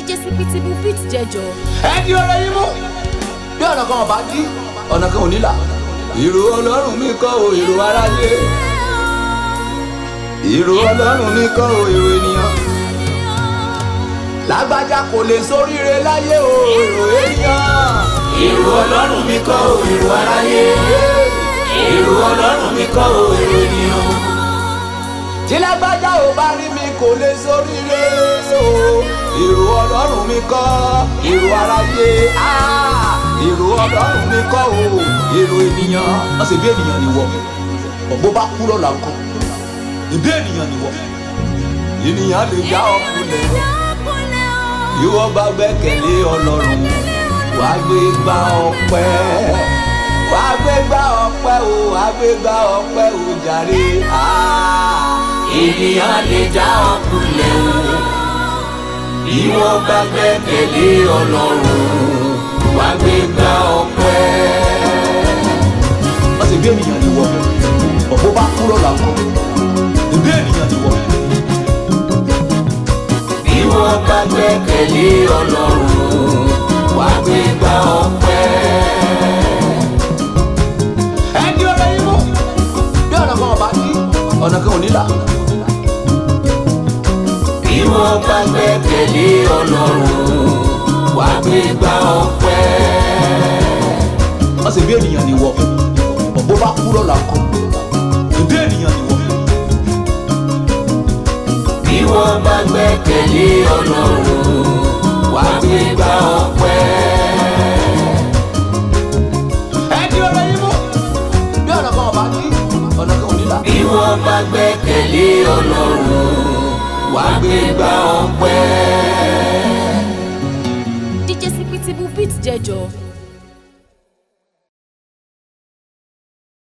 jíjẹ sí pitibu bíìtì jẹjọ. ẹ di ọ̀rọ̀ yín mú bí ọ̀nà kan ọba dí ọ̀nà kan ò nílà ìró ọlọ́run mi kọ́ o ìró aráyé ìró ọlọ́run mi kọ́ o ìró ènìyàn lágbájá kò lè ṣoríire láyé o ìró ènìyàn. ìró ọlọ́run mi kọ́ o ìró aráyé ìró ọlọ́run mi kọ́ o ìró ènìyàn. tí lágbájá ò bá rí mi kò lè ṣoríire èrò ọlọ́run mi kọ́ èrò aráyé èrò ọlọ́run mi kọ́ o èrò ènìyàn wọ́n sì bí ènìyàn nìwọ ọ̀gbọ́n bá kú lọ́la ńkọ́ ìbí ènìyàn nìwọ ènìyàn lè já ọkùnrin ìwọ bá gbẹ́kẹ̀lé ọlọ́run wàá gbé gbá ọpẹ́ wàá gbé gbá ọpẹ́ o wàá gbé gbá ọpẹ́ o jàre ènìyàn lè já ọkùnrin bí wọ́n bá gbẹ́kẹ̀lé ọlọ́run wá gbé gba ọpẹ́. wọ́n ti bí ènìyàn ní wọ́n ọ̀pọ̀ bá kú lọ́la kọ́ ìbí ènìyàn ní wọ́n. bí wọ́n bá gbẹ́kẹ̀lé ọlọ́run wá gbé gba ọpẹ́. ẹni ọ̀rẹ́ yìí mú bí ọ̀nà kan ọ̀bá ní ọ̀nà kan ò ní là tó bá gbẹ́kẹ̀lé ọlọ́run wà gbégbá ọpẹ́. ọ̀sẹ̀ bí ènìyàn ni wọ̀ bó bá kú lọ́la kan ìdí ènìyàn ni wọ̀. bí wọ́n bá gbẹ́kẹ̀lé ọlọ́run wà gbégbá ọpẹ́. ẹni ọ̀rẹ́ yín mú bí ọ̀nà kan ọ̀bá ní ọ̀nà kan ò ní bí wọ́n bá gbẹ́kẹ̀lé ọlọ́run wàá gbé gba ọpẹ́.